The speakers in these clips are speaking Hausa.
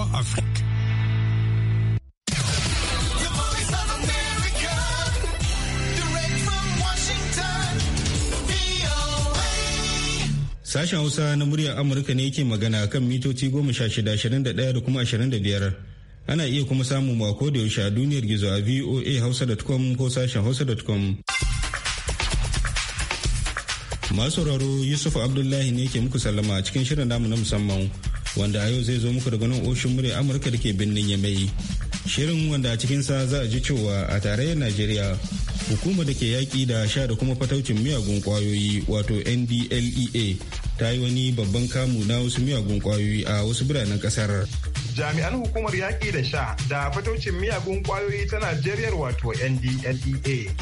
Afrique. Sashen Hausa na muryar Amurka ne yake magana kan mitoci goma sha shida ashirin da ɗaya da kuma ashirin da biyar. Ana iya kuma samun mako da yaushe a duniyar gizo a voa hausa.com ko sashen hausa.com. Masu sauraro Yusuf Abdullahi ne ke muku sallama a cikin shirin namu na musamman. wanda a yau zai zo muku daga nan oshin murya amurka da ke birnin yamai shirin wanda a cikinsa za a ji cewa a tarayyar najeriya hukumar da ke yaƙi da sha da kuma fataucin miyagun kwayoyi wato ndlea ta yi wani babban kamu na wasu miyagun kwayoyi a wasu biranen ƙasar jami'an hukumar yaƙi da sha da fataucin miyagun ƙwayoyi ta najeriya wato ndlea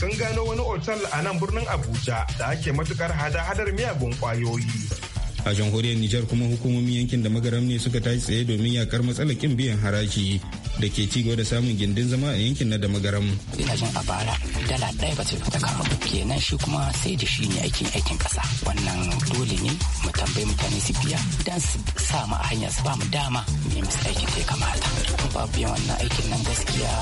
sun gano wani otal a nan birnin abuja da ake matukar hada-hadar miyagun kwayoyi a jamhuriyar nijar kuma hukumomin yankin da magaram ne suka tashi tsaye domin yakar matsalar kin biyan haraji da ke ci gaba da samun gindin zama a yankin na da magaram ina jin a bara dala ɗaya ba ta karo kenan shi kuma sai da shi ne aikin aikin ƙasa wannan dole ne mu tambayi mutane su biya dan su sa mu a hanya su ba mu dama mu yi musu aikin da ya kamata babu yawan wannan aikin nan gaskiya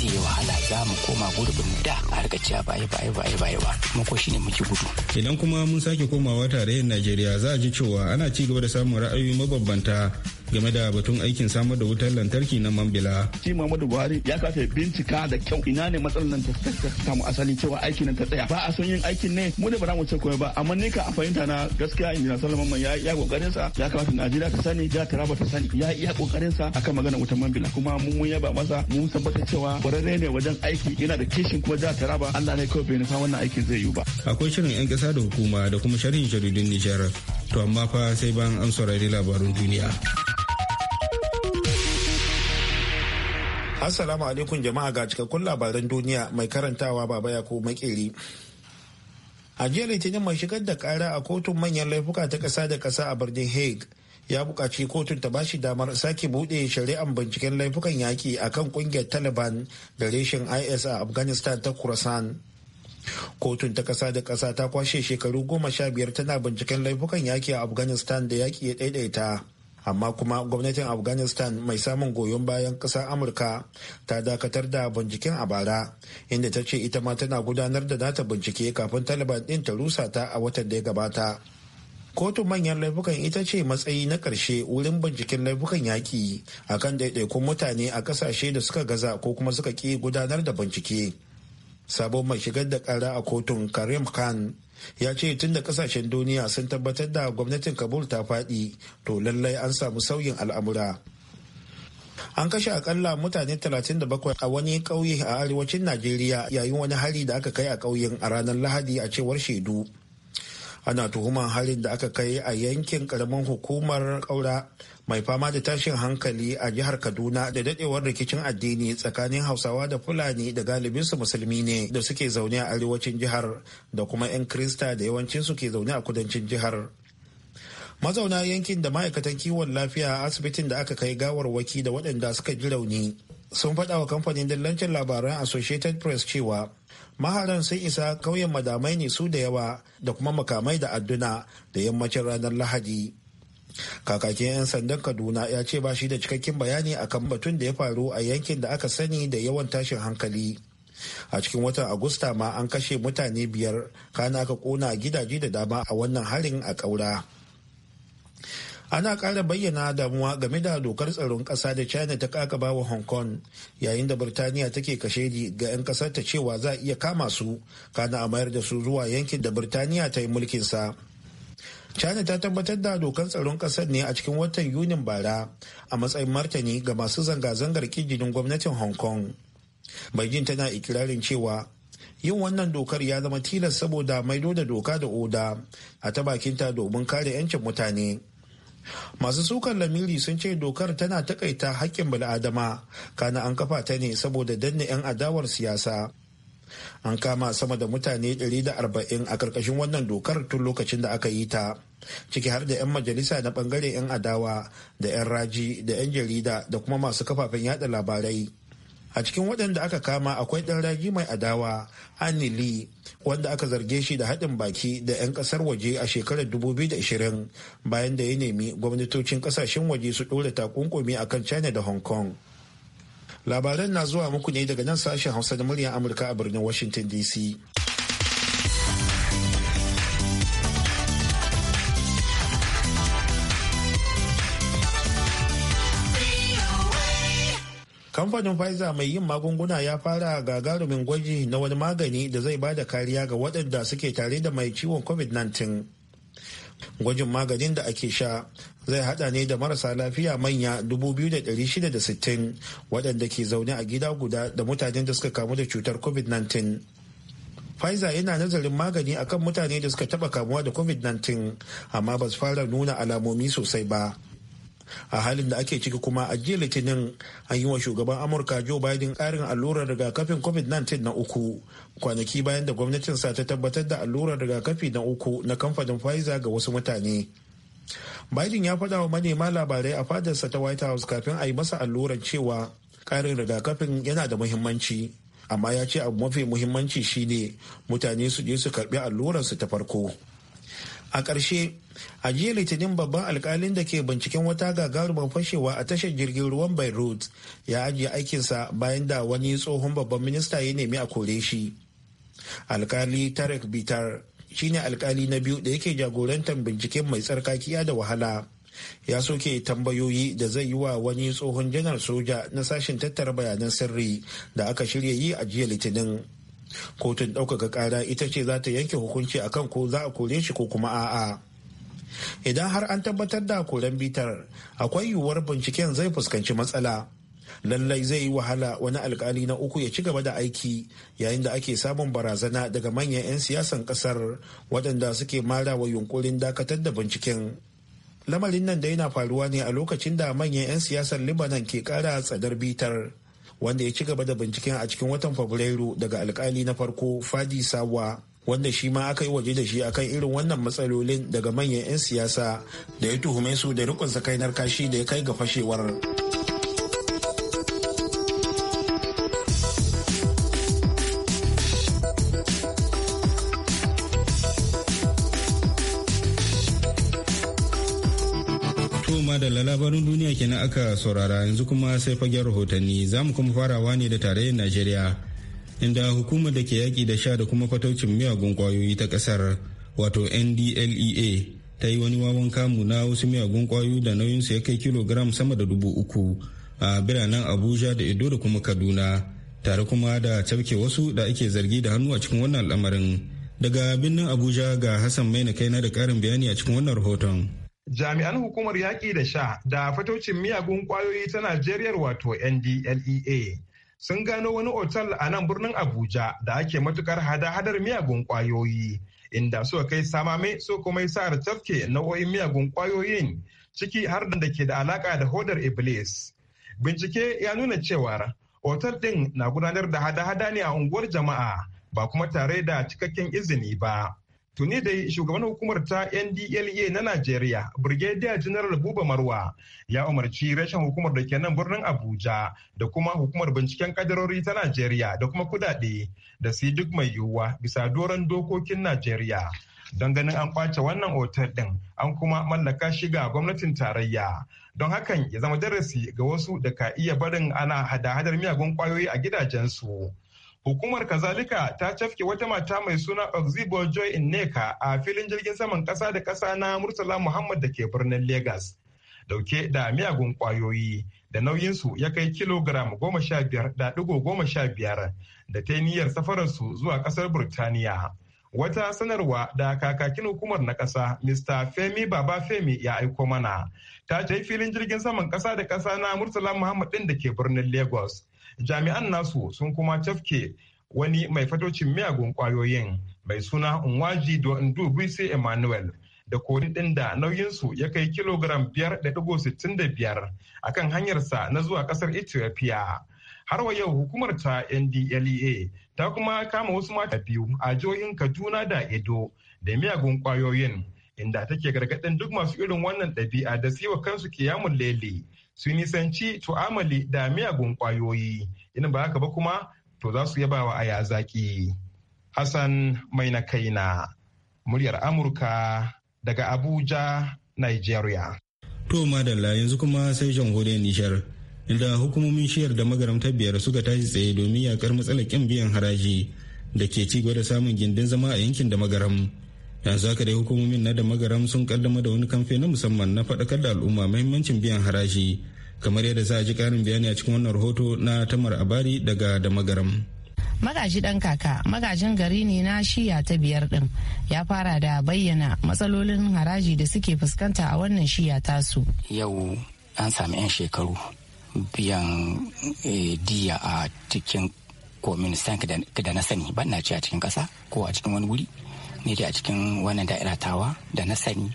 zai yi wahala za mu koma gurbin da a rika cewa baya baya baya baya ba mu ko shine muke gudu idan kuma mun sake komawa tarayyar Najeriya za a ji cewa ana ci gaba da samun ra'ayoyi mabambanta game da batun aikin samar da wutar lantarki na Mambila. Shi Muhammadu Buhari ya kasa bincika da kyau ina ne matsalar nan ta samu asali cewa aikin nan ta tsaya. Ba a son yin aikin ne mu ne ba za mu ce komai ba amma ni ka fahimta na gaskiya injina Solomon man ya ya kokarin sa ya kamata Najeriya ta sani ya Taraba ta sani ya iya kokarin sa akan magana wutar Mambila kuma mun mun yaba masa mun tabbata cewa kwararre ne wajen aiki yana da kishin kuma jihar taraba allah ne kawai bai nufa wannan aikin zai yiwu ba akwai shirin yan kasa da hukuma da kuma sharhin jaridun nijar to amma fa sai bayan an saurari labarun duniya assalamu alaikum jama'a ga cikakkun labaran duniya mai karantawa baba ya ko makeri a jiya litinin mai shigar da kara a kotun manyan laifuka ta kasa da kasa a birnin hague ya buƙaci kotun ta bashi damar sake buɗe shari'an binciken laifukan yaƙi a kan ƙungiyar taliban da reshen is a afghanistan ta khorasan kotun ta ƙasa da ƙasa ta kwashe shekaru goma sha biyar tana binciken laifukan yaƙi a afghanistan da yaƙi ya ɗaiɗaita amma kuma gwamnatin afghanistan mai samun goyon bayan ƙasar amurka ta dakatar da binciken a bara inda ta ce ita ma tana gudanar da nata bincike kafin taliban ɗin ta rusa ta a watan da ya gabata kotun manyan laifukan ita ce matsayi na ƙarshe wurin binciken laifukan yaƙi a kan ɗaiɗaikun mutane a ƙasashe da suka gaza ko kuma suka ƙi gudanar da bincike sabon mai shigar da ƙara a kotun karim khan ya ce tun da ƙasashen duniya sun tabbatar da gwamnatin kabul ta faɗi to lallai an samu sauyin al'amura an kashe akalla mutane 37 a wani ƙauye a arewacin najeriya yayin wani hari da aka kai a ƙauyen a ranar lahadi a cewar shaidu ana tuhuman halin da aka kai a yankin karamin hukumar kaura mai fama da tashin hankali a jihar kaduna da dadewar rikicin addini tsakanin hausawa da fulani da galibinsu musulmi ne da suke zaune a arewacin jihar da kuma 'yan krista da yawancinsu ke zaune a kudancin jihar mazauna yankin da ma'aikatan kiwon lafiya a asibitin da aka kai gawarwaki da waɗanda suka ji rauni sun faɗa wa kamfanin dillancin labaran associated press cewa maharan sun isa ƙauyen madamai ne su da yawa da kuma makamai da adduna da yammacin ranar lahadi kakakin 'yan sandan kaduna ya ce ba shi da cikakken bayani akan batun da ya faru a yankin da aka sani da yawan tashin hankali a cikin watan agusta ma an kashe mutane biyar kana aka kona gidaje da dama a wannan harin a ƙaura. ana ƙara bayyana damuwa game da dokar tsaron ƙasa da china ta kakaba wa hong kong yayin da birtaniya take kashedi ga 'yan ƙasar ta cewa za a iya kama su kana a mayar da su zuwa yankin da birtaniya ta yi sa. china ta tabbatar da dokar tsaron ƙasar ne a cikin watan yunin bara a matsayin martani ga masu zanga-zangar kijinin gwamnatin hong kong beijing tana ikirarin cewa yin wannan dokar ya zama tilas saboda maido da doka da oda a ta bakinta domin kare 'yancin mutane masu sukan lamiri sun ce dokar tana takaita hakkin bala'adama kana an kafa ta ne saboda danne 'yan adawar siyasa an kama sama da mutane 140 a karkashin wannan dokar tun lokacin da aka yi ta ciki har da 'yan majalisa na bangare 'yan adawa da 'yan raji da 'yan jarida da kuma masu kafafen yada labarai a cikin waɗanda aka kama akwai ɗan ragi mai adawa anili wanda aka zarge shi da haɗin baki da 'yan ƙasar waje a shekarar 2020 bayan da ya nemi gwamnatocin ƙasashen waje su ɗora takunkumi a kan china da hong kong labaran na zuwa muku ne daga nan sashen hausa da muryar amurka a birnin washington dc kamfanin pfizer mai yin magunguna ya fara gagarumin gwaji na wani magani da zai bada kariya ga waɗanda suke tare da mai ciwon covid-19 gwajin maganin da ake sha zai hada ne da marasa lafiya manya 2,660 waɗanda ke zaune a gida guda da mutanen da suka kamu da cutar covid-19 Pfizer yana nazarin magani akan mutane da suka taɓa kamuwa da COVID-19 amma ba su fara nuna alamomi sosai ba. a halin da ake ciki kuma a jiya litinin an yi wa shugaban amurka joe biden karin allurar rigakafin covid-19 na uku kwanaki bayan da gwamnatinsa ta tabbatar da allurar rigakafi na uku na kamfanin pfizer ga wasu mutane biden ya faɗa wa manema labarai a fadarsa ta white house kafin a yi masa allurar cewa karin rigakafin yana da muhimmanci amma ya ce abu mafi muhimmanci shine mutane su je su karbi allurarsu ta farko a ƙarshe a jiya litinin babban alkalin da ke binciken wata gagarumar fashewa a tashar jirgin ruwan beirut ya ajiye aikinsa bayan da wani tsohon babban minista ya nemi a kore shi alkali tarek bitar shine alkali na biyu da yake jagorantar binciken mai tsarkakiya da wahala ya soke tambayoyi da zai yi wa wani tsohon janar soja na sashen tattara bayanan sirri da aka shirya yi a jiya litinin kotun ɗaukaka ƙara ita ce za ta yanke hukunci akan ko za a kore shi ko kuma a'a idan har an tabbatar da koren bitar akwai yiwuwar binciken zai fuskanci matsala lallai zai yi wahala wani alkali na uku ya ci gaba da aiki yayin da ake samun barazana daga manyan 'yan siyasan kasar waɗanda suke mara wa yunkurin dakatar da binciken lamarin nan da yana faruwa ne a lokacin da manyan 'yan siyasar libanan ke ƙara tsadar bitar wanda ya ci gaba da binciken a cikin watan fabrairu daga alkali na farko fadi sawa wanda shi ma aka yi waje da shi akan irin wannan matsalolin daga manyan 'yan siyasa da ya tuhume su da rikon sakainar kashi da ya kai ga fashewar. da labarin duniya kenan aka saurara yanzu kuma sai fagen rahotanni za mu kuma farawa ne da tarayyar najeriya inda hukumar da ke yaƙi da sha da kuma fataucin miyagun ƙwayoyi ta ƙasar wato ndlea ta yi wani wawan kamu na wasu miyagun ƙwayoyi da nauyinsu ya kai kilogram sama da dubu uku a biranen abuja da edo da kuma kaduna tare kuma da cafke wasu da ake zargi da hannu a cikin wannan al'amarin daga birnin abuja ga hassan mai maina na da ƙarin bayani a cikin wannan rahoton jami'an hukumar yaƙi da sha da fatocin miyagun ƙwayoyi ta Najeriya wato NDLEA sun gano wani otal a nan birnin Abuja da ake matukar hada-hadar miyagun ƙwayoyi inda suka kai samame so kuma sa tafke nau'o'in miyagun ƙwayoyin ciki har da ke da alaka da hodar Iblis. Bincike ya nuna cewa otal ɗin na gudanar da hada-hada ne a unguwar jama'a ba kuma tare da cikakken izini ba. tuni da shugaban hukumar ta ndla na najeriya brigadier general buba marwa ya umarci rashin hukumar da ke nan birnin abuja da kuma hukumar binciken kadarori ta najeriya da kuma kudade da su duk mai yiwuwa bisa doron dokokin najeriya don ganin an kwace wannan otal din an kuma mallaka shi ga gwamnatin tarayya don hakan ya zama darasi ga wasu da ka iya barin ana hada-hadar miyagun kwayoyi a gidajensu. Hukumar kazalika ta cafke wata mata mai suna Oxibo Joy Inneka a filin jirgin saman kasa da kasa na Murtala Muhammad da ke birnin Legas. Dauke da miyagun kwayoyi da nauyinsu ya kai kilogram goma sha biyar da ɗigo goma sha biyar da ta niyyar safararsu zuwa ƙasar Burtaniya. Wata sanarwa da kakakin hukumar na ƙasa Mr. Femi Baba Femi ya aiko mana ta ce filin jirgin saman ƙasa da ƙasa na Murtala Muhammad ɗin da ke birnin Lagos. jami'an nasu sun kuma tafke wani mai fatocin miyagun kwayoyin mai suna Nwaji do sai Emmanuel da kori ɗin da nauyinsu ya kai kilogram 5.65 a kan hanyarsa na zuwa kasar Ethiopia. Har wa yau hukumar ta NDLEA ta kuma kama wasu mata biyu a jihohin Kaduna da Edo da miyagun kwayoyin inda take gargadin duk masu irin wannan ɗabi'a da siwa kansu kiyamun lele su nisanci tu'amali da miyagun kwayoyi in ba haka ba kuma to za su yaba wa aya zaki hassan mai na muryar amurka daga abuja nigeria to madalla yanzu kuma sai jamhuriyar nishar inda hukumomin shiyar da magaramtar biyar suka tashi tsaye domin yakar matsalar kin biyan haraji da ke ci da samun gindin zama a yankin da magaram yanzu haka da hukumomin na da magaram sun kaddama da wani kamfe na musamman na faɗakar da al'umma mahimmancin biyan haraji kamar yadda za a ji ƙarin bayani a cikin wannan rahoto na tamar abari daga da magaram magaji dan kaka magajin gari ne na shiya ta biyar din ya fara da bayyana matsalolin haraji da suke fuskanta a wannan shiya tasu yau an sami 'yan shekaru biyan eh, diya a cikin komin da na sani ban na ci a cikin kasa ko a cikin wani wuri ni dai a cikin wannan da'ira tawa da na sani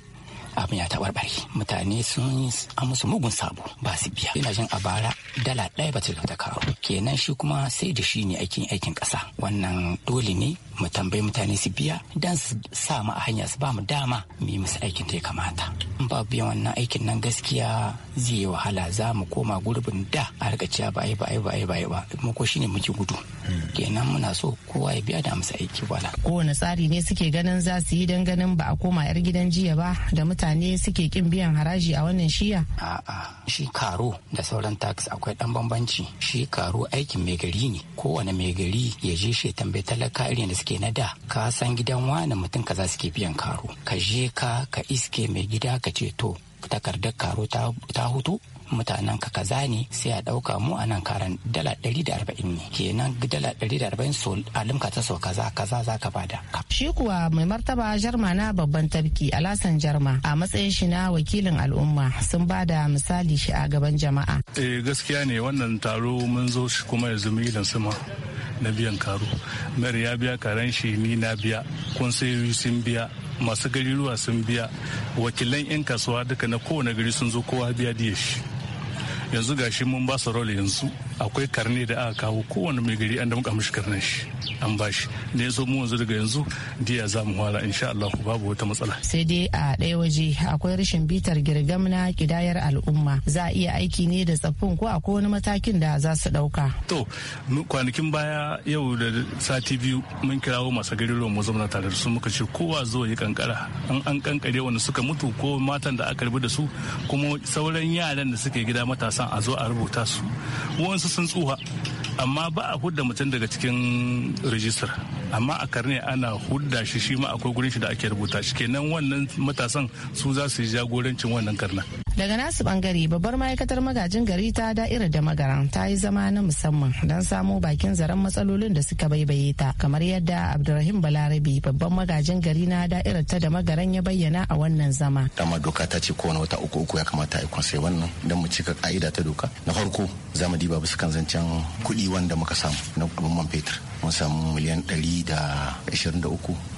abin ya ɓari mutane sun yi amusu mugun sabo ba su biya ina jin a bara dala ɗaya ba ta kawo kenan shi kuma sai da shi ne aikin aikin ƙasa wannan dole ne mu tambayi mutane su biya dan su sa mu a hanya su ba mu dama mu yi musu aikin da ya kamata in ba biyan wannan aikin nan gaskiya zai yi wahala za mu koma gurbin da a riga cewa ba yi ba ba ba ba mu ko shine muke gudu hmm. kenan muna so kowa ya biya da musu aiki wala kowane tsari ne suke ganin za su yi dan ganin ba a koma yar gidan jiya ba da mutane mutane suke kin biyan haraji a wannan shiya? A'a, shi karo da sauran tax akwai dan bambanci. Shi karo aikin mai gari ne. Kowane mai gari ya je shi tambayi talaka irin da suke na da. Ka san gidan wani mutum kaza suke biyan karo. Ka je ka ka iske mai gida ka ce to takardar karo ta hutu mutanen ka kaza ne sai a ɗauka mu a nan karan dala ɗari da arba'in ne kenan dala ɗari da arba'in so alimka ta so kaza kaza za ka bada. shi kuwa mai martaba jarma na babban tafki alasan jarma a matsayin shi na wakilin al'umma sun ba da misali shi a gaban jama'a. eh gaskiya ne wannan taro mun zo shi kuma yanzu milin sama na biyan karo mayar ya biya karen shi ni na biya kun sai sun biya masu gari ruwa sun biya wakilan 'yan kasuwa duka na kowane gari sun zo kowa biya diya shi yanzu gashi mun ba su yanzu akwai karne da aka kawo kowane mai gari an muka mishi karnen shi an bashi da ne so mu yanzu daga yanzu diya za mu in insha Allah babu wata matsala sai dai a ɗaya waje akwai rashin bitar girgam na kidayar al'umma za a iya aiki ne da tsaffin ko akwai wani matakin da za su ɗauka to kwanakin baya yau da sati biyu mun kirawo masu gari mu zauna tare da su muka ce kowa zo yi kankara an an kankare wanda suka mutu ko matan da aka rubu da su kuma sauran yaran da suke gida matasan a zo a rubuta su wasu sun tsuha amma ba a hudda mutum daga cikin rijistar amma a karne ana hudda shi shi ma akwai gurin shi da ake rubuta shi kenan wannan matasan su za su yi jagorancin wannan karna daga nasu bangare babbar ma'aikatar magajin gari ta da'irar da magaran ta yi zama na musamman don samo bakin zaren matsalolin da suka baibaye ta kamar yadda abdulrahim balarabi babban magajin gari na da'irar ta da magaran ya bayyana a wannan zama dama doka ta ce kowane wata uku uku ya kamata a sai wannan don mu cika ka'ida ta doka na farko zamadi babu diba kan zancen kuɗi wanda muka samu na man fetur mun samu miliyan 123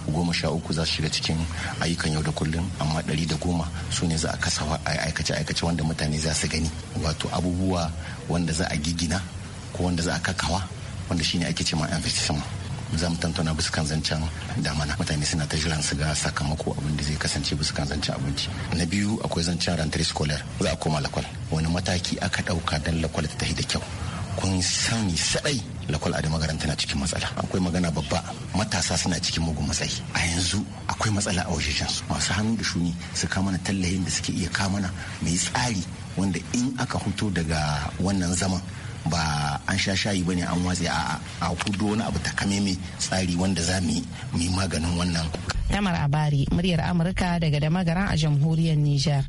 goma sha uku za su shiga cikin ayyukan yau da kullum amma ɗari da goma su ne za a kasa aikace aikace wanda mutane za su gani wato abubuwa wanda za a gigina ko wanda za a kakawa wanda shine ake cewa investissement za mu tantana buskan zancen damana mutane suna ta jiran su ga sakamako abin da zai kasance buskan zancen abinci na biyu akwai zancen rantar scholar za a koma lakwal wani mataki aka ɗauka don lakwal ta tafi da kyau kun sani sadai lakwal a magaranta na cikin matsala akwai magana babba matasa suna cikin mugun matsayi a yanzu akwai matsala a wajejen su masu hannu da shuni su kama na tallahin da suke iya kama na. mai tsari wanda in aka huto daga wannan zaman ba an sha shayi ba ne an watse a a kudo wani abu mai tsari wanda za mu yi maganin wannan. Tamar Abari, muryar Amurka daga da a jamhuriyar Nijar.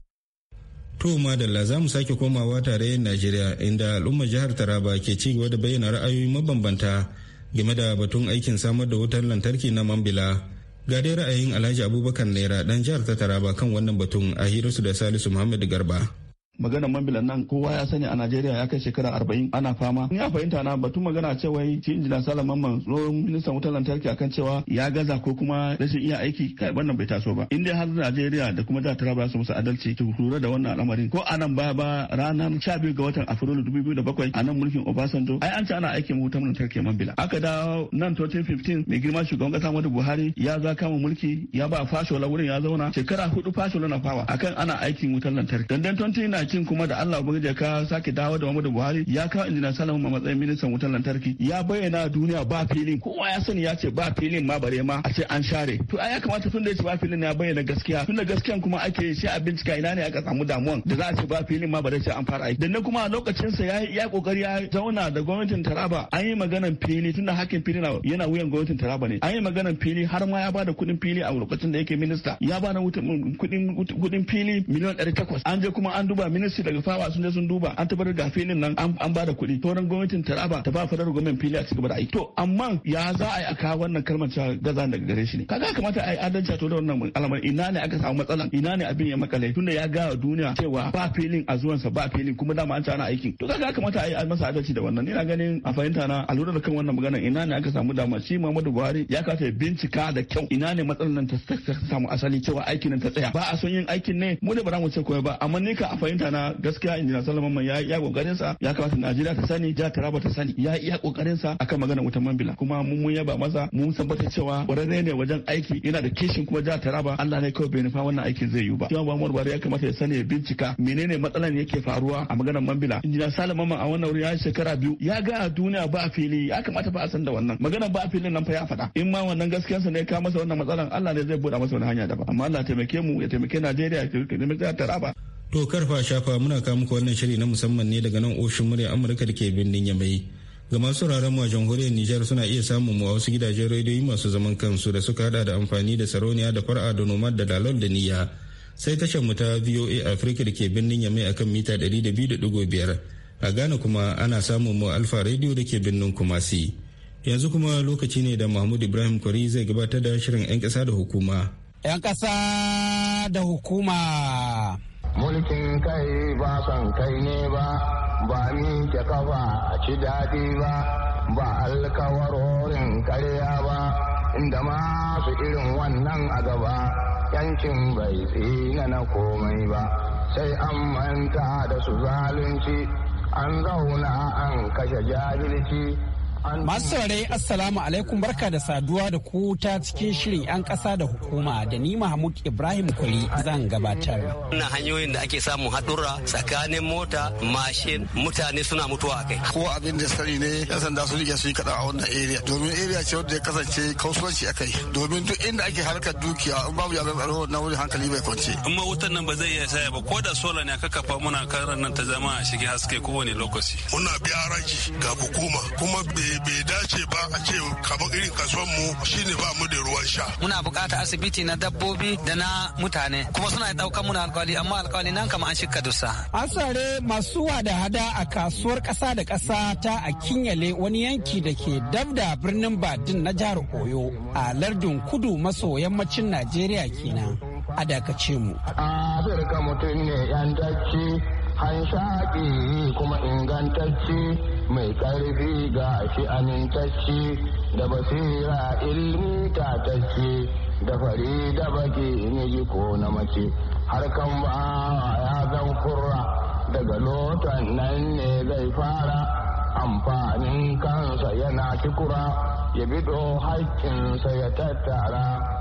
To madalla za mu sake komawa tarayyar Najeriya inda al'ummar jihar Taraba ke ci gaba da bayyana ra'ayoyi mabambanta game da batun aikin samar da wutar lantarki na Mambila. Ga dai ra'ayin Alhaji Abubakar Naira dan jihar ta Taraba kan wannan batun a hirarsu da Salisu Muhammad Garba. Magana man bilan nan kowa ya sani a Najeriya ya kai shekara arba'in ana fama. Ya fahimta na batun magana cewa shi injina Sala Mamman tsohon ministan wutar lantarki akan cewa ya gaza ko kuma rashin iya aiki wannan bai taso ba. In har Najeriya da kuma jihar Taraba su musu adalci ta lura da wannan al'amarin ko anan baya ba ranar biyu ga watan Afrilu bakwai a nan mulkin Obasanjo ai an ce ana aikin wutar lantarki man bila. Aka dawo nan 2015 mai girma shugaban kasa Muhammadu Buhari ya za kama mulki ya ba fashola wurin ya zauna shekara hudu fashola na fawa akan ana aikin wutar lantarki. Dandan 2019 2019 kuma da Allah ubangiji ya sake dawo da Muhammadu Buhari ya kawo injina Salamu a matsayin ministan wutar lantarki ya bayyana duniya ba filin kowa ya sani ya ce ba filin ma bare ma a ce an share to ai ya kamata tun da yace ba filin ya bayyana gaskiya tun da gaskiyan kuma ake shi a bincika ina ne aka samu damuwan da za a ce ba filin ma bare ce an fara aiki dan kuma lokacin sa ya ya kokari ya zauna da gwamnatin Taraba an yi maganan fili tunda hakkin fili yana wuyan gwamnatin Taraba ne an yi maganan fili har ma ya bada kuɗin fili a lokacin da yake minista ya bada mm, kuɗin fili miliyan 800 an je kuma an duba ministry daga fawa sun je sun duba an tabbatar da filin nan an ba da kuɗi sauran gwamnatin taraba ta ba fadar gwamnatin fili a cikin da aiki to amma ya za a yi a kawo wannan kalmar cewa gaza daga gare shi ne kaga kamata a yi adalci to da wannan alamar ina ne aka samu matsala ina ne abin ya makale tunda ya ga duniya cewa ba filin a zuwansa ba filin kuma dama an ana aikin to kaga kamata a yi masa adalci da wannan ina ganin a fahimta na a lura da kan wannan maganar ina ne aka samu dama shi Muhammadu Buhari ya kasa bincika da kyau ina ne matsalar nan ta samu asali cewa aikin nan ta tsaya ba a son yin aikin ne mu da ba za mu ce koyi ba amma ni ka a fahimta fahimta na gaskiya injiniya salaman man ya iya kokarin sa ya kamata Najeriya ta sani jihar Taraba ta sani ya iya kokarin sa akan maganar wutan Mambila kuma mun mun yaba masa mun tabbata cewa kwararre ne wajen aiki yana da kishin kuma jihar Taraba Allah ne kawai bai nufa wannan aikin zai yi ba. Cewa Muhammadu Bari ya kamata ya sani ya bincika menene matsalar yake faruwa a maganar Mambila. Injiniya salaman man a wannan wuri ya shekara biyu ya ga a duniya ba a fili ya kamata ba a san da wannan maganar ba a filin nan fa ya faɗa in ma wannan gaskiyar sa ne ka masa wannan matsalar Allah ne zai buɗa masa wani hanya daban amma Allah taimake mu ya taimake Najeriya ya taimake Taraba. To karfa shafa muna kawo muku wannan shiri na musamman ne daga nan ofishin murya Amurka da ke birnin Yamai. Ga masu sauraron mu a jamhuriyar Nijar suna iya samun mu a wasu gidajen rediyoyi masu zaman kansu da suka hada da amfani da sarauniya da far’a da nomad da dalol da niyya. Sai tashar mu ta VOA Africa da ke birnin Yamai akan mita ɗari da biyar a Ghana kuma ana samun mu Alfa Radio da ke birnin Kumasi. Yanzu kuma lokaci ne da Mahmud Ibrahim Kwari zai gabatar da shirin 'yan ƙasa da hukuma. 'Yan ƙasa da hukuma. mulkin kai ba son kai ne ba ba ni ke kafa a ci daɗi ba ba alkawarorin karya ba inda masu irin wannan a gaba yancin bai tsina na komai ba sai an manta da su zalunci an zauna an kashe jahilci Masu saurari Assalamu alaikum barka da saduwa da ku ta cikin shirin 'yan kasa da hukuma da ni Mahmud Ibrahim kuli zan gabatar. na hanyoyin da ake samun haɗurra tsakanin mota, mashin, mutane suna mutuwa a kai. Ko abin da sani ne yan sanda su rike su yi kaɗa a wannan area domin area ce wanda ya kasance kausuwanci a kai domin duk inda ake harkar dukiya in babu yaran tsaro na wuri hankali bai kwance. In ma wutan nan ba zai iya saya ba ko da sola ne aka kafa muna karan nan ta zama a shige haske kowane lokaci. Muna biya ga hukuma kuma bai bai dace ba a ce kamar irin kasuwan mu shine ba mu da ruwan sha muna bukata asibiti na dabbobi da na mutane kuma suna daukan muna alkawali amma alkawali nan kama an shika dusa asare masu wada hada a kasuwar kasa da kasa ta a kinyale wani yanki da ke da birnin badin na jihar oyo a lardin kudu maso yammacin najeriya kenan a dakace mu Afirka mutum ne 'yan hanshaƙi kuma ingantacce mai ƙarfi ga shi amintacci da basira ilmi tatacce da fari da baki ji ko na mace har kan ba ya zan kurra daga lotan nan ne zai fara amfanin kansa yana kikura ya bido haƙƙinsa ya tattara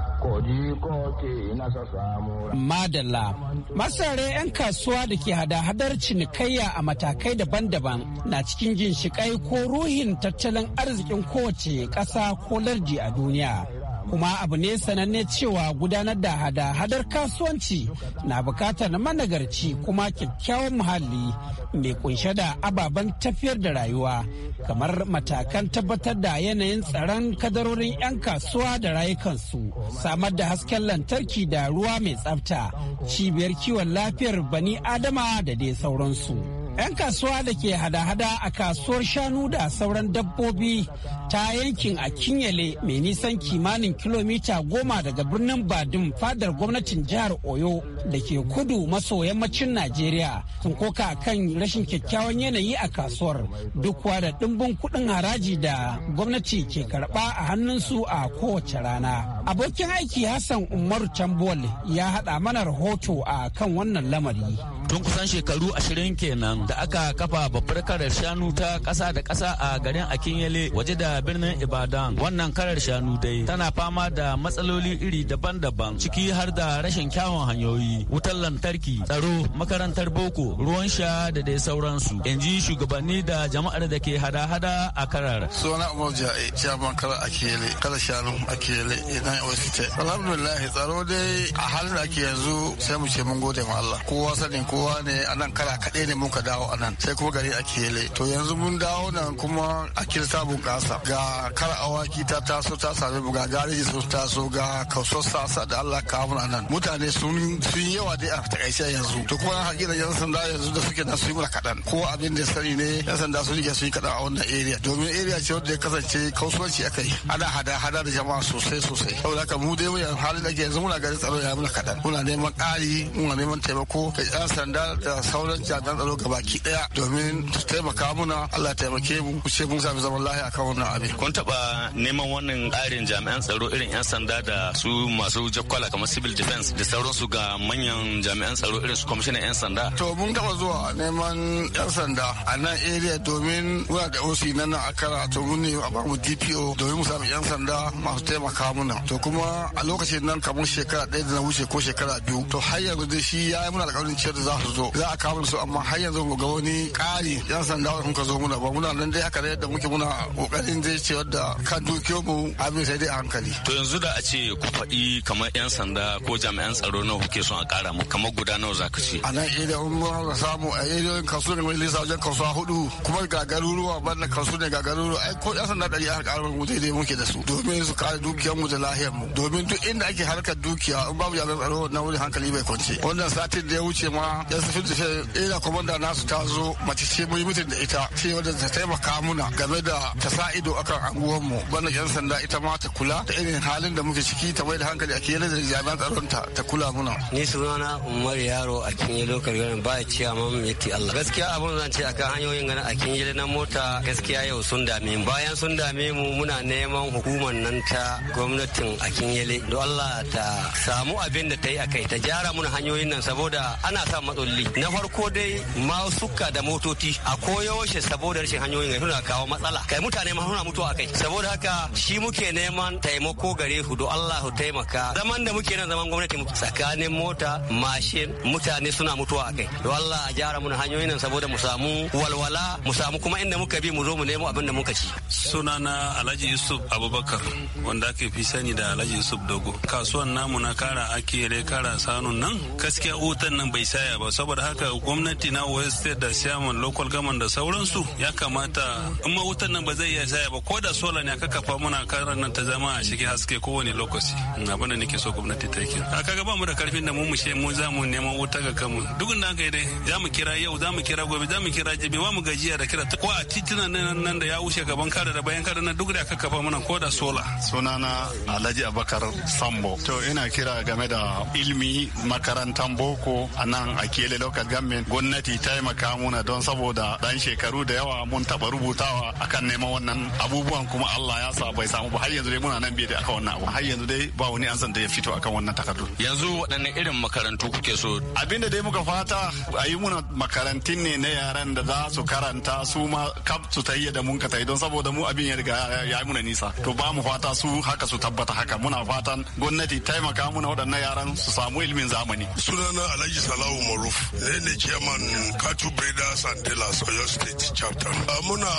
Madalla. Masare 'yan kasuwa da ke hada-hadar cinikayya a matakai daban-daban na cikin ginshiƙai ko ruhin tattalin arzikin kowace ƙasa ko lardi a duniya. kuma abu ne sananne cewa gudanar da hada-hadar kasuwanci na bukatar managarci kuma kyakkyawan muhalli mai kunshe da ababen tafiyar da rayuwa kamar matakan tabbatar da yanayin tsaron kadarorin 'yan kasuwa da rayukansu samar da hasken lantarki da ruwa mai tsafta cibiyar kiwon lafiyar bani adama da dai sauransu. 'Yan kasuwa da ke hada-hada a kasuwar shanu da sauran dabbobi ta yankin a Kinyale mai nisan kimanin kilomita goma daga birnin Badum fadar gwamnatin jihar Oyo da ke kudu maso yammacin Najeriya sun koka kan rashin kyakkyawan yanayi a kasuwar duk da dimbin kuɗin haraji da gwamnati ke karɓa a hannunsu a kowace rana. Abokin aiki Hassan Umaru Tambol ya haɗa mana rahoto a kan wannan lamari. Tun kusan shekaru ashirin kenan da aka kafa babbar karar shanu ta ƙasa da ƙasa a garin Akinyele waje da birnin Ibadan. Wannan karar shanu dai tana fama da matsaloli iri daban-daban ciki har da rashin kyawun hanyoyi, wutar lantarki, tsaro, makarantar boko, ruwan sha da dai sauransu. In ji shugabanni da jama'ar da ke hada-hada a karar. Suna Umar Ja'i, shaman karar Akele, karar shanu Akele, idan Osite. Alhamdulillah tsaro dai a halin da ake yanzu sai mu ce mun gode ma Allah. Kowa sanin kowa ne a nan kara kaɗai ne muka dawo. dawo a nan sai kuma gari a kele to yanzu mun dawo nan kuma a kirta bunƙasa ga kar awaki ta taso ta sami buga ga gari sun taso ga kaso sasa da Allah ka mun nan mutane sun sun yawa dai a takaice yanzu to kuma hakika yan sanda yanzu da suke nan su yi mura kaɗan ko abin da sani ne yan sanda sun rike su yi kaɗan a wannan area domin area ce wanda ya kasance kasuwanci aka yi ana hada hada da jama'a sosai sosai saboda haka mu dai muna halin da yanzu muna gari tsaro ya muna kaɗan muna neman ƙari muna neman taimako ga yan sanda da sauran jami'an tsaro gaba baki daya domin ta taimaka muna Allah taimake mu ku ce mun sami zaman lahiya kan wannan abin. Kun taba neman wannan tsarin jami'an tsaro irin 'yan sanda da su masu jakwala kamar civil defense da sauransu ga manyan jami'an tsaro irin su commissioner 'yan sanda. To mun gaba zuwa neman 'yan sanda a nan area domin muna da OC nan a kara to mun ne a bamu DPO domin mu sami 'yan sanda masu taimaka muna. To kuma a lokacin nan kamar shekara ɗaya da na wuce ko shekara biyu to har yanzu dai shi ya yi muna da ciyar da za su zo za a kawo su amma har yanzu mu ga wani ƙari yan sanda wanda muka zo muna ba muna nan dai haka da yadda muke muna kokarin zai ce wadda kan dukiyo mu abin sai dai a hankali. To yanzu da a ce ku faɗi kamar yan sanda ko jami'an tsaro nawa kuke son a ƙara mu kamar guda nawa za ka ce. A nan idan mun samu a irin kasu ne wani lisa wajen kasuwa hudu kuma ga garuruwa banda kasu ne ga garuruwa ai ko yan sanda ɗari a ƙarar mu daidai muke da su domin su kare mu da lahiyar mu domin duk inda ake harkar dukiya in babu jami'an tsaro na wuri hankali bai kwance. Wannan satin da ya wuce ma ya sufin tafiya ina komanda na su ta zo mace ce mu yi mutum da ita ce wadda ta taimaka muna game da ta sa ido akan anguwanmu bana yan sanda ita ma ta kula da irin halin da muke ciki ta mai da hankali a kiyar da jami'an tsaron ta ta kula muna. Ni sunana Umar Yaro a kinyi lokacin ganin ba ciya mamu yake Allah. Gaskiya abun zan ce akan hanyoyin gani a kinyi na mota gaskiya yau sun dame mu. Bayan sun dame mu muna neman hukumar nan ta gwamnatin a kinyele don Allah ta samu abin da ta yi a kai ta gyara muna hanyoyin nan saboda ana sa matsaloli. Na farko dai ma kawo sukka da motoci a koyaushe saboda rashin hanyoyin ga suna kawo matsala kai mutane ma suna mutuwa kai saboda haka shi muke neman taimako gare ku don Allah taimaka zaman da muke nan zaman gwamnati tsakanin mota mashin mutane suna mutuwa a kai don Allah a gyara mun hanyoyin nan saboda mu samu walwala mu samu kuma inda muka bi mu zo mu nemo abin da muka ci sunana Alhaji Yusuf Abubakar wanda ake fi sani da Alhaji Yusuf Dogo kasuwan namu na kara ake kara sanun nan gaskiya utan nan bai saya ba saboda haka gwamnati na state da chairman local government da sauransu ya kamata in ma wutan nan ba zai iya saya ba ko da solar ne aka kafa muna karan nan ta zama a shige haske kowane lokaci na bana nake so gwamnati ta yi a kaga ba mu da karfin da mu mu she mu za mu neman wuta ga kanmu duk da haka dai za mu kira yau za mu kira gobe za mu kira jibi ba mu gajiya da kira ko a tituna nan nan da ya wuce gaban kada da bayan kada na duk da aka kafa muna ko da solar sunana Alhaji Abakar Sambo to ina kira game da ilmi makarantan boko a nan a kele local government gwamnati ta yi taimaka muna don saboda dan shekaru da yawa mun taba rubutawa akan neman wannan abubuwan kuma Allah ya sa bai samu ba har yanzu dai muna nan biye da aka wannan abu har yanzu dai ba wani an san da ya fito akan wannan takardu yanzu waɗanne irin makarantu kuke so abinda dai muka fata a yi muna makarantun ne na yaran da za su karanta su ma kaf su ta da mun ka tayi don saboda mu abin ya riga ya yi muna nisa to ba mu fata su haka su tabbata haka muna fatan gwamnati taimaka muna waɗannan yaran su samu ilimin zamani sunana Alhaji salawu Maruf ne ne chairman two brothers and dealers your State chapter. Uh, muna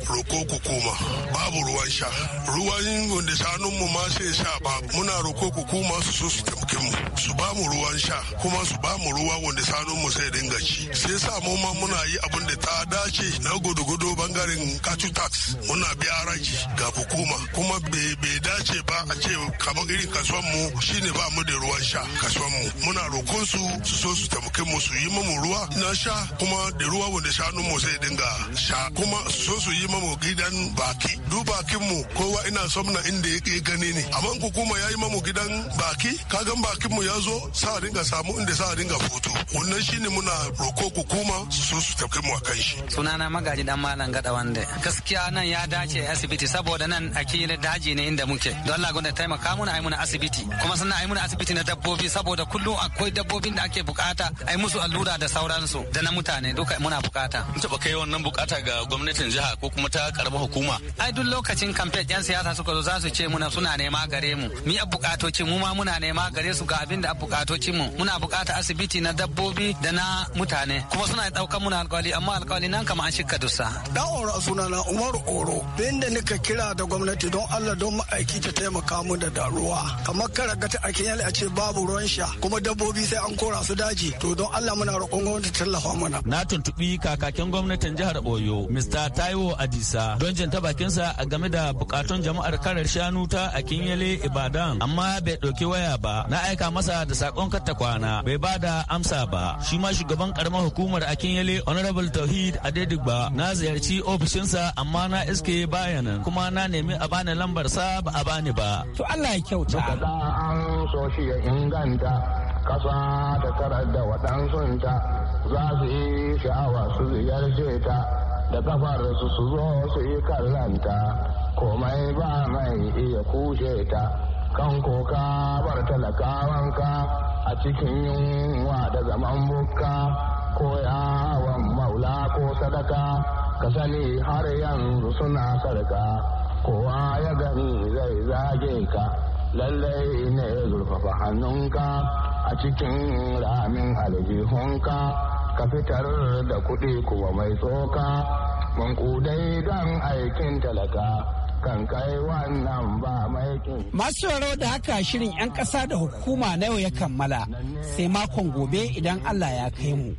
roko ku koma babu ruwan sha ruwan wanda shanunmu ma sai sha ba muna roko ku koma su so su taimake mu su ba mu ruwan sha kuma su ba mu ruwa wanda shanunmu sai dinga ci sai sa mu ma muna yi abin da ta dace na gudu-gudu bangaren katu tax muna biya haraji ga hukuma kuma bai dace ba a ce kamar irin kasuwan mu shine ba mu da ruwan sha kasuwan mu muna rokon su su so su taimake mu su yi mu ruwa na sha kuma da ruwa wanda shanunmu sai dinga sha kuma so su yi mamu gidan baki du bakin mu kowa ina somna inda ya gane ni amma hukuma ya yi mamu gidan baki kagan bakin mu ya zo sa dinga samu inda sa dinga foto wannan shine muna roko hukuma su su tafi mu akan shi sunana magaji dan malam gada wanda gaskiya nan ya dace asibiti saboda nan a kila daji ne inda muke don Allah gwanda taimaka muna ai muna asibiti kuma sannan ai muna asibiti na dabbobi saboda kullum akwai dabbobin da ake bukata ai musu allura da sauransu da na mutane duka muna bukata mun taba kai wannan bukata ga gwamnatin jiha ko kuma ta karamar hukuma ai duk lokacin kamfen yan siyasa suka zo za su ce muna suna nema gare mu mi a bukatoci mu ma muna nema gare su ga abin da a bukatoci mu muna bukata asibiti na dabbobi da na mutane kuma suna daukan muna alkawali amma alkawali nan kama an shika dusa dan oro suna na Umar Oro inda nika kira da gwamnati don Allah don ma'aiki ta taimaka mu da daruwa kamar karaga ta a kenyal a ce babu ruwan sha kuma dabbobi sai an kora su daji to don Allah muna roƙon gwamnati tallafa mana na tuntubi kakakin gwamnatin jihar Oyo Mr. Taiwo a hadisa don jin tabakinsa a game da bukatun jama'ar karar shanu ta a kinyale ibadan amma bai ɗauki waya ba na aika masa da sakon katta kwana bai ba da amsa ba shi ma shugaban karamar hukumar a kinyale honorable tauhid adedigba na ziyarci ofishinsa amma na iske bayanan kuma na nemi a bani lambar sa ba a bani ba to Allah ya kyauta kasa ta tarar da waɗansunta za su yi sha'awa su ziyarce ta da kafar su zo su yi kallanta komai ba mai iya kushe ta kan koka bar talakawanka a cikin yunwa da zaman bukka ko yawon maula ko sadaka ka sani har yanzu suna sarka kowa ya gani zai zage ka lallai ne zurfafa hannunka a cikin ramin aljihunka ka fitar da kuɗi kuwa mai tsoka mun kudai don aikin talaka kan kai wannan ba kin. Masu sauraro da haka shirin 'yan ƙasa da hukuma na yau ya kammala sai makon gobe idan Allah ya kai mu.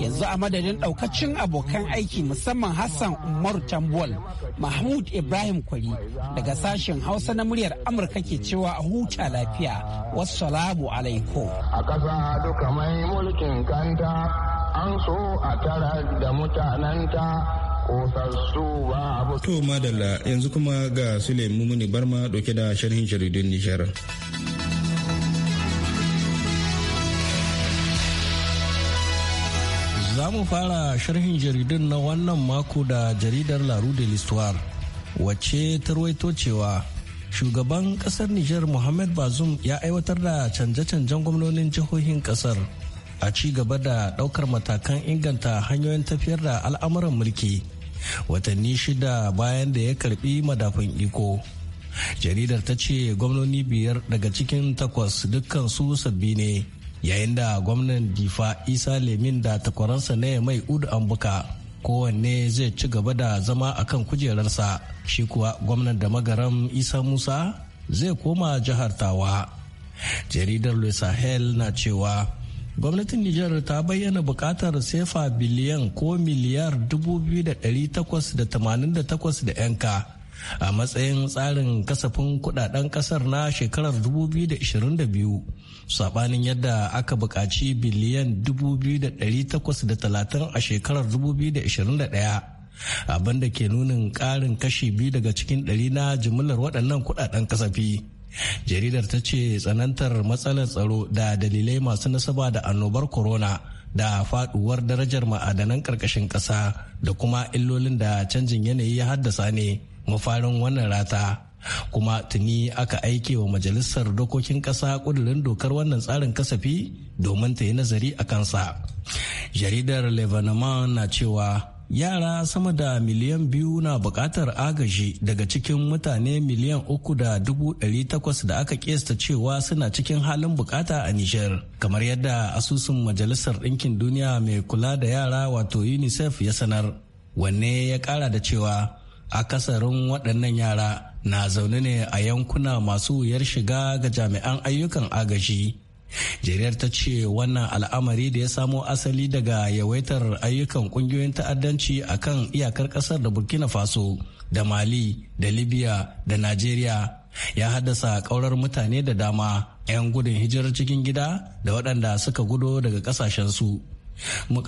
Yanzu a madadin ɗaukacin abokan aiki musamman Hassan Umar tambol Mahmud Ibrahim Kwari daga sashen Hausa na muryar Amurka ke cewa a huta lafiya. Wassalamu alaikum. A ƙasa duka mai mulkin kanta an so a tara da mutanen ta mutananta To madalla yanzu kuma ga Sule Mumuni Barma dauke da sharhin jaridun Nijar. Za mu fara sharhin jaridun na wannan mako da jaridar Laru de l'Histoire wacce ta ruwaito cewa shugaban kasar Nijar Muhammad bazum ya aiwatar da canje-canjen gwamnonin jihohin kasar. a ci gaba da ɗaukar matakan inganta hanyoyin tafiyar da al'amuran mulki watanni shida bayan da ya karbi madafin iko jaridar ta ce gwamnoni biyar daga cikin takwas dukkan su sabbi ne yayin da gwamnan difa isa lemin da takwaransa ya mai udu ambuka kowanne zai ci gaba da zama akan kujerarsa shi kuwa gwamnan da magaram isa musa zai koma jihar tawa jaridar louis sahel na cewa gwamnatin nijar ta bayyana bukatar sefa biliyan ko miliyar 2,888 da yanka a matsayin tsarin kasafin kudaden kasar na shekarar 2022 sabanin yadda aka bukaci biliyan 2,830 a shekarar 2021 da ke nunin karin kashi biyu daga cikin ɗari na jimillar waɗannan kudaden kasafi jaridar ta ce tsanantar matsalar tsaro da dalilai masu nasaba da annobar corona da faduwar darajar ma'adanan karkashin ƙasa da kuma illolin da canjin yanayi ya haddasa ne mafarin wannan rata kuma tuni aka aike wa majalisar dokokin ƙasa ƙudurin dokar wannan tsarin kasafi domin ta yi nazari a kansa jaridar lebanon na cewa yara sama da miliyan biyu na bukatar agaji daga cikin mutane miliyan uku da dubu ɗari takwas da aka kesta cewa suna cikin halin bukata a Nijar. Kamar yadda asusun Majalisar Ɗinkin Duniya mai kula da yara wato UNICEF ya sanar. Wanne ya ƙara da cewa akasarin waɗannan yara na zaune ne a yankuna masu wuyar shiga ga jami'an ayyukan agaji jeriyar ta ce wannan al'amari da ya samo asali daga yawaitar ayyukan kungiyoyin ta'addanci a kan iyakar kasar da burkina faso da mali da libya da nigeria ya haddasa kaurar mutane da dama 'yan gudun hijirar cikin gida da waɗanda suka gudo daga kasashensu mu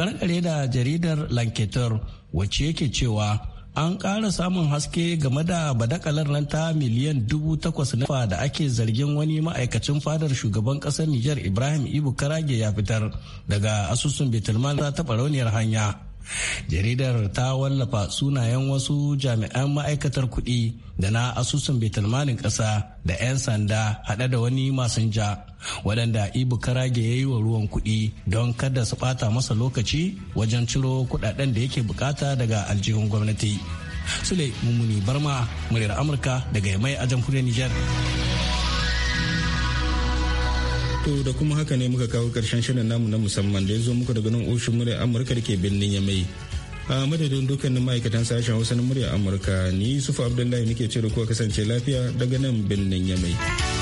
da jaridar lanketer wacce yake cewa an ƙara samun haske game da badakalar nan ta miliyan dubu takwas na da ake zargin wani ma'aikacin fadar shugaban ƙasar Nijar Ibrahim Ibu Karage ya fitar daga asusun Betulman ta taɓa rauniyar hanya. jaridar ta wallafa sunayen wasu jami'an ma'aikatar kuɗi da na asusun betulmanin ƙasa da 'yan sanda haɗe da wani masinja waɗanda ibu karage ya yi wa ruwan kuɗi don kada su ɓata masa lokaci wajen ciro kuɗaɗen da yake bukata daga aljihun gwamnati sule mummuni barma muryar amurka daga mai a jamhuriyar nijar. To da kuma haka ne muka kawo karshen shirin namu na musamman da ya zo muka daga nan ofishin murya Amurka da ke birnin mai A madadin dukkanin ma'aikatan sashen Hausa na murya Amurka ni sufa Abdullahi nake ce da kuwa kasance lafiya daga nan birnin mai.